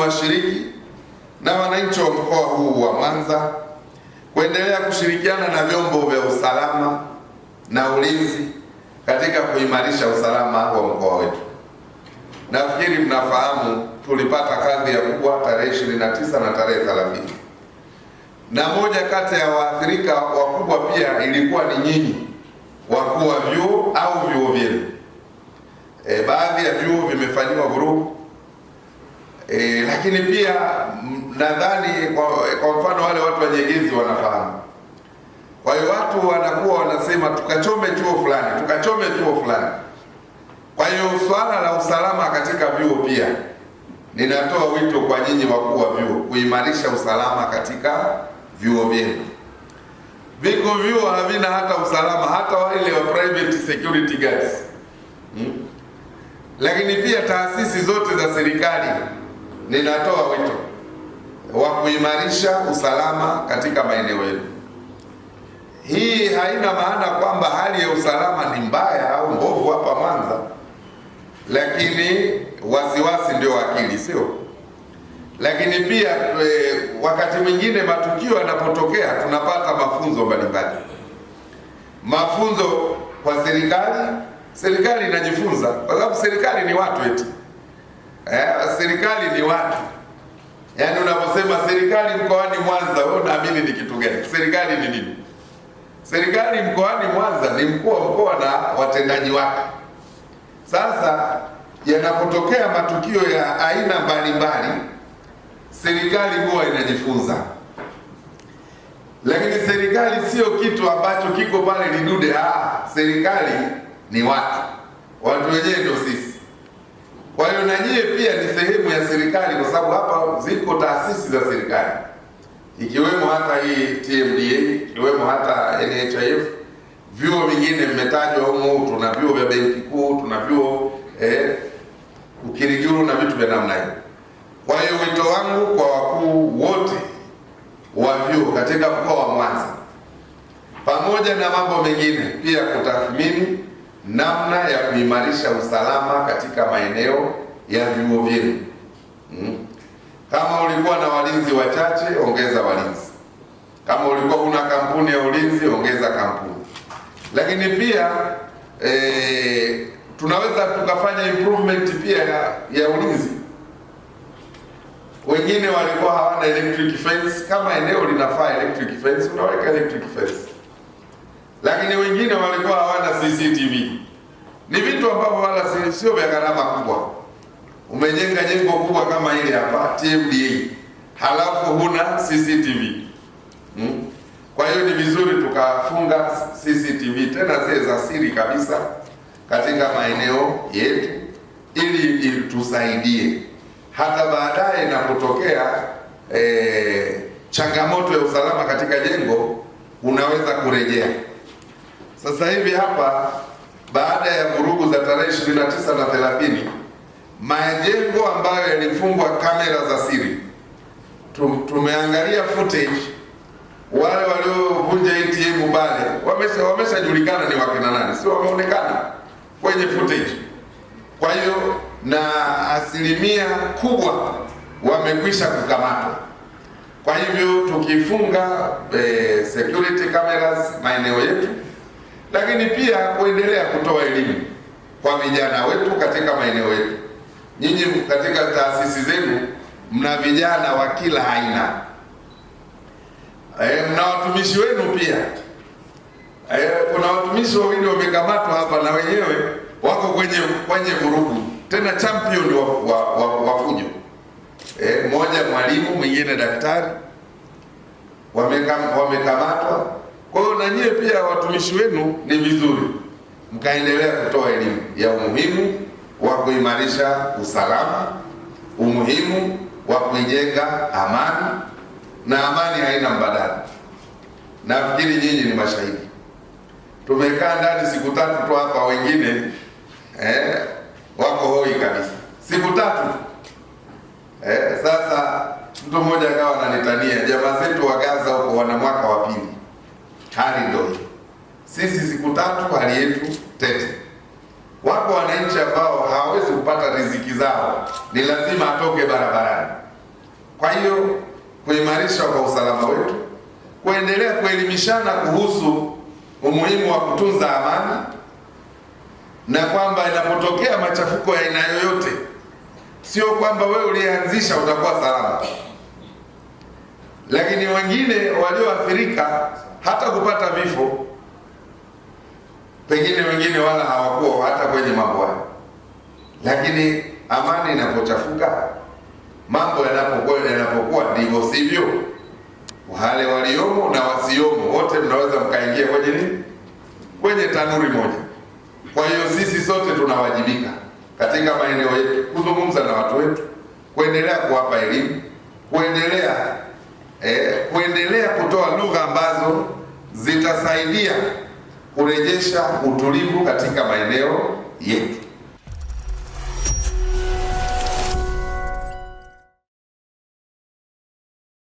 washiriki na wananchi wa mkoa huu wa Mwanza kuendelea kushirikiana na vyombo vya usalama na ulinzi katika kuimarisha usalama wa mkoa wetu. Nafikiri mnafahamu tulipata kadhi ya kubwa tarehe 29 na tarehe 30, na moja kati ya waathirika wakubwa pia ilikuwa ni nyinyi wakuu wa vyuo au vyuo vyenu. E, baadhi ya vyuo vimefanyiwa vurugu e, lakini pia nadhani kwa, kwa mfano wale watu wanyegezi wanafahamu. Kwa hiyo watu wanakuwa wanasema tukachome chuo fulani, tukachome chuo fulani. Kwa hiyo swala la usalama katika vyuo pia ninatoa wito kwa nyinyi wakuu wa vyuo kuimarisha usalama katika vyuo vyenu. Viko vyuo havina hata usalama, hata wale wa private security guards hmm. Lakini pia taasisi zote za serikali ninatoa wito wa kuimarisha usalama katika maeneo yetu. Hii haina maana kwamba hali ya usalama ni mbaya au mbovu hapa Mwanza, lakini wasiwasi ndio akili, sio? Lakini pia e, wakati mwingine matukio yanapotokea tunapata mafunzo mbalimbali, mafunzo kwa serikali. Serikali inajifunza kwa sababu serikali ni watu eti Eh, serikali ni watu. Yaani unaposema serikali mkoani Mwanza wewe unaamini ni kitu gani? Serikali ni nini? Serikali mkoani Mwanza ni mkuu wa mkoa na watendaji wake. Sasa yanapotokea matukio ya aina mbalimbali, serikali huwa inajifunza. Lakini serikali sio kitu ambacho kiko pale lidude. Ah, serikali ni watu, watu wenyewe ndio sisi. Kwa hiyo na nyie pia ni sehemu ya serikali, kwa sababu hapa ziko taasisi za serikali ikiwemo hata hii TMDA, ikiwemo hata NHIF. Vyuo vingine mmetajwa humu, tuna vyuo vya benki kuu, tuna vyuo eh, ukiriguru na vitu vya namna hiyo. Kwa hiyo wito wangu kwa wakuu wote wa vyuo katika mkoa wa Mwanza, pamoja na mambo mengine, pia kutathmini namna ya kuimarisha usalama katika maeneo ya vyuo vyenu. Hmm. Kama ulikuwa na walinzi wachache, ongeza walinzi. Kama ulikuwa una kampuni ya ulinzi, ongeza kampuni. Lakini pia e, tunaweza tukafanya improvement pia ya, ya ulinzi. Wengine walikuwa hawana electric fence. Kama eneo linafaa electric fence, unaweka electric fence, lakini wengine walikuwa hawana CCTV ni vitu ambavyo wala sio vya gharama kubwa. Umejenga jengo kubwa kama ile hapa TMDA, halafu huna CCTV hmm? Kwa hiyo ni vizuri tukafunga CCTV tena zile za siri kabisa katika maeneo yetu, ili itusaidie hata baadaye inapotokea e, changamoto ya usalama katika jengo unaweza kurejea. Sasa hivi hapa baada ya vurugu za tarehe 29 na 30, majengo ambayo yalifungwa kamera za siri, tumeangalia footage, wale waliovunja ATM pale wamesha wameshajulikana ni wakina nani, sio wameonekana kwenye footage. Kwa hiyo na asilimia kubwa wamekwisha kukamatwa. Kwa hivyo tukifunga eh, security cameras maeneo yetu lakini pia kuendelea kutoa elimu kwa vijana wetu katika maeneo yetu. Nyinyi katika taasisi zenu mna vijana wa kila aina e, mna watumishi wenu pia e, kuna watumishi wawili wamekamatwa hapa na wenyewe wako kwenye kwenye vurugu tena champion wa, wa, wa, wa fujo e, mmoja mwalimu mwingine daktari wamekamatwa na nyie pia watumishi wenu, ni vizuri mkaendelea kutoa elimu ya umuhimu wa kuimarisha usalama, umuhimu wa kuijenga amani, na amani haina mbadala. Nafikiri nyinyi ni mashahidi, tumekaa ndani siku tatu tu hapa, wengine eh, wako hoi kabisa, siku tatu eh. Sasa mtu mmoja akawa ananitania, jamaa zetu wa Gaza huko wana Haridon. Sisi siku tatu hali yetu tete. Wako wananchi ambao hawawezi kupata riziki zao, ni lazima atoke barabarani. Kwa hiyo kuimarisha kwa usalama wetu, kuendelea kuelimishana kuhusu umuhimu wa kutunza amani na kwamba inapotokea machafuko ya aina yoyote, sio kwamba wewe ulianzisha utakuwa salama, lakini wengine walioathirika hata kupata vifo, pengine wengine wala hawakuwa hata kwenye mambo hayo, lakini amani inapochafuka, mambo yanapokuwa yanapokuwa ndivyo sivyo, wale waliomo na wasiomo wote mnaweza mkaingia kwenye nini, kwenye tanuri moja. Kwa hiyo sisi sote tunawajibika katika maeneo yetu, kuzungumza na watu wetu, kuendelea kuwapa elimu, kuendelea eh, kuendelea kutoa lugha ambazo zitasaidia kurejesha utulivu katika maeneo yetu.